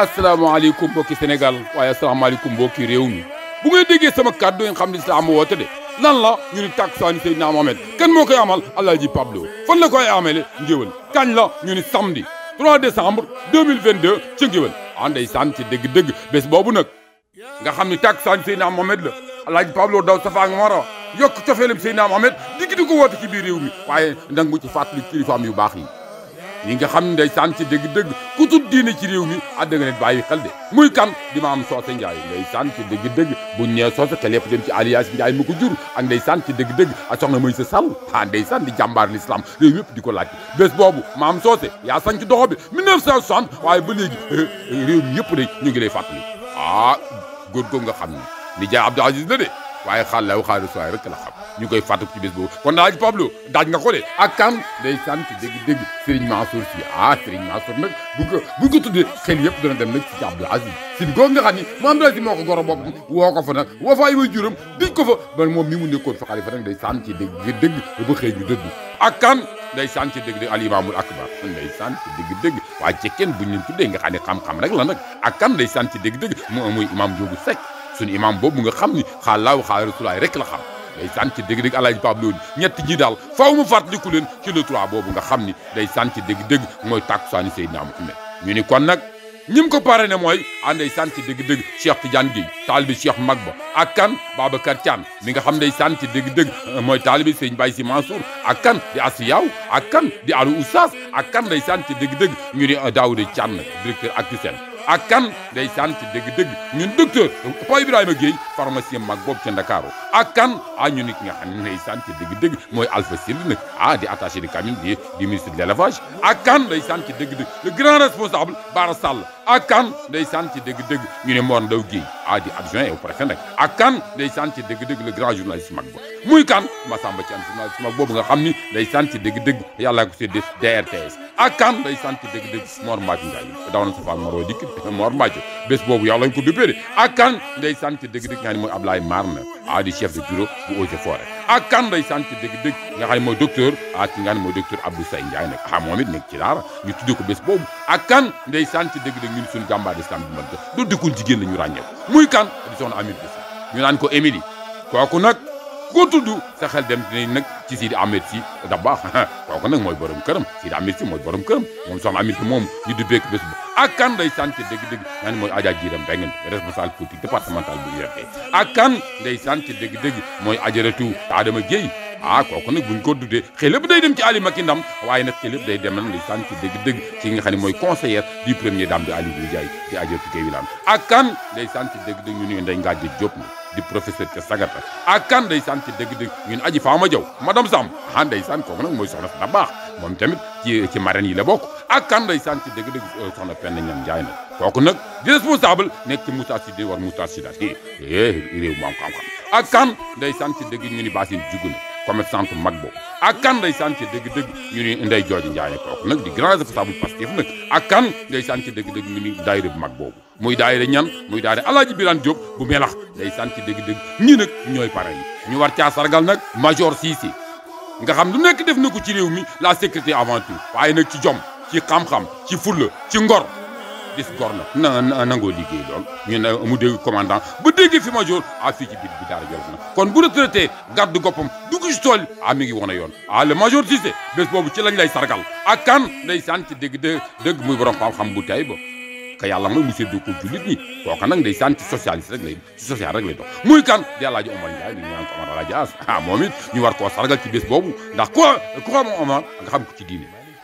asalaamaaleykum mbokki Sénégal waaye asalaamaaleykum mbokki réew mi bu ngeen déggee sama kàddu yi nga xam ne islaam woote de lan la ñu ni takkusaani Seydina Mohamed kan moo ko amal Alaaji Pablo fan la koy amele ngéwél kañ la ñu ni samedi 3 décembre 2022 ci ngéwél anday ah, saan ci dëgg-dëgg bés boobu nag nga xam ni takkusaani Seydina Mohamed la Alaaji Pablo daw safa ak mara yokk cofeelam Seydina Mohamed digg ko woote ci bii réew mi waaye nag mu ci fàttali yu baax yi ñi nga xam ndeysaan ci dëgg-dëgg ku tudd ci réew mi ah da nga leen bàyyi xel de muy kan di maam Soose Njaay ndeysaan ci dëgg-dëgg buñ ñee Soose xel yëpp dem ci alias Njaay mu ko jur ak ndeysaan ci dëgg-dëgg ak soxna Moïse Sall ah ndeysaan di jàmbaar l'islam réew yëpp di ko laaj bés boobu maam Soose yaa sanc doxo bi 1960 waaye ba léegi eh, eh, réew mi yëpp de ñu ngi lay fàttali ah góor googu nga xam ni ni Njaay Abdou Aziz la de waaye xaal laaw xaalis waay rek la xam ñu koy fàttali ci bés boobu kon daaj Pablo daaj nga ko de ak kam day sant dégg-dégg Serigne Mansour si ah Serigne Mansour nag bu ko bu ko tuddee xel yëpp dana dem nag ci Abdou Aziz si góor nga xam ni mu Abdou Aziz moo ko goro bopp woo ko fa nag woo fa ay way juram dij ko fa ba moom mi mu nekkoon fa xalifa nag day sant ci dégg-dégg ba xëy ñu dëgg ak kam day sant ci dégg-dégg al imaamul akbar ci dégg-dégg waa ci kenn bu ñu tuddee nga xam ne xam-xam rek la nag ak day sant ci dégg-dégg mu amuy imaam suñu imam boobu nga xam ni xaal laaw xaal rasulaay rek la xam day sant ci dëgg-dëgg alaaji Pape Lo ñett ji daal faaw mu fàttaliku leen ci le trois boobu nga xam ni day sant ci dëgg-dëgg mooy tàkkusaani Seydina Muhammad ñu ni kon nag ñim ko pare ne mooy ànday ah sant ci dëgg-dëgg Cheikh Tidiane Guèye taalibi Cheikh mag ba ak kan Babacar Thiam mi nga xam day sant ci dëgg-dëgg euh, mooy taalibi Sëñ Baye si Mansour ak kan di Asiyaaw ak kan di Aliou Oustaz ak kan day sant ci dëgg-dëgg ñu ni euh, Daouda Thiam directeur Agri Sen ak kan day saan ci dëgg-dëgg ñun docteur Pa Ibrahima Guèye pharmacien mag boobu ca Ndakaaru ak kan ah ñu ki nga xam ne day saan ci dëgg-dëgg mooy Alpha Syll nag ah di attaché de cabinet di di ministre de l'élevage ak kan day saan ci dëgg-dëgg le grand responsable Bara Sall ak kan ndeysaan ci dëgg-dëgg ñu ne Mor Ndao Guèye a di adjoint au préfet nag ak kan ndeysaan ci dëgg-dëgg le grand journaliste mag ba muy kan Massamba Thiam journaliste mag boobu nga xam ni ndeysaan ci dëgg-dëgg yàllaa ko séddee DRTS ak kan ndeysaan ci dëgg-dëgg Mor Mbathio Ndiaye daw na sa faak Mor dikk Mor Mbathio bés boobu yàlla lañ ko duppee de ak kan ndeysaan ci dëgg-dëgg nga xam ne mooy Ablaye Marne a di chef de bureau bu Eaux et ak kan day sant dëgg-dëgg nga xam ne mooy docteur ah ki nga xam ne mooy docteur Abdou Say Ndiaye nag ah moom it nekk ci daara ñu tuddee ko bés boobu ak kan day sant dëgg-dëgg ñun suñu jàmbaar d'islam bi mën do dëkkul jigéen la ñu ràññeeku muy kan di soxna Amine Bousso ñu naan ko Émilie kooku nag koo tudd sa xel dem dinañ nag ci Sidi am si da baax kooku nag mooy borom këram Sidi Ahmed si mooy borom këram moom soxna Amit si moom ñu di békk bés bu ak kan ndeysaan ci dëgg-dëgg naa ni mooy Adja Jiram Bengen responsable politique départemental bu URD ak kan ndeysaan ci dëgg-dëgg mooy Ajaratu Adama Guèye ah kooku nag buñ ko duddee xel lépp day dem ci Aliou Macky Ndam waaye nag xel lépp day dem nag ndeysaan ci dëgg-dëgg ci nga xam ne mooy conseillère du premier dame de Aliou Ndiaye di Ajaratu Guèye Wilane ak kan ndeysaan ci dëgg di professeur ca sagata ak kan ndeysaan ci dëgg-dëgg ñun aji faama jaw madame Samb ah ndeysaan kooku nag mooy soxna sa baax moom tamit ci ci marraine yi la bokk ak kan ndeysaan ci dëgg-dëgg euh, soxna na ñam njaay nag kooku nag di responsable nekk ci Moussa Sidé war Moussa Sidat eh, eh réew moom xam-xam ak kan ndeysaan ci dëgg ñu ni baasin jugu commerçante mag boobu ak kan ndeysaan ci dëgg-dëgg ñu ni ndey jooju njaay kooku nag di grand responsable Pastef nag ak kan day ci dëgg-dëgg ñu ni daayira bu mag boobu muy daayira ñan muy daayira alaaji Birane Diop bu melax day ci dëgg-dëgg ñi nag ñooy pare yi ñu war caa sargal nag major Cissé nga xam lu nekk def na ko ci réew mi la sécurité avant tout waaye nag ci jom ci xam-xam ci fulla ci ngor gis gor na na nangoo liggéey lool ñu ne mu dégg commandant ba dégg fi ma joor ah fii ci bi daara jolof na kon bu retraité gàddu goppam dugg ci tool ah mi ngi won a yoon ah le major Cissé bés boobu ci lañ lay sargal ak kan lay sant dégg dë dëgg muy borom xam-xam bu tey ba ka yàlla mooy monsieur Diouf jullit ñi kooka nag day sant ci socialiste rek lay ci social rek lay dox muy kan di Alaaji Omar Ndiaye ñu naan ko a Alaaji As ah moom it ñu war koo sargal ci bés boobu ndax ku ku xam Omar nga xam ko ci diine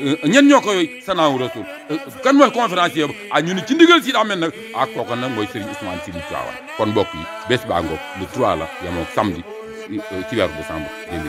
Euh, ñen ñoo koy sanaawu rasul euh, kan mooy conférencier ba ah ñu ni ci ndigal si daa mel nag ah kooku nag mooy Serigne Ousmane Sy Tivaouane kon mbokk yi bés baa ngoog le 3 la yemoo samedi ci weeru décembre 2020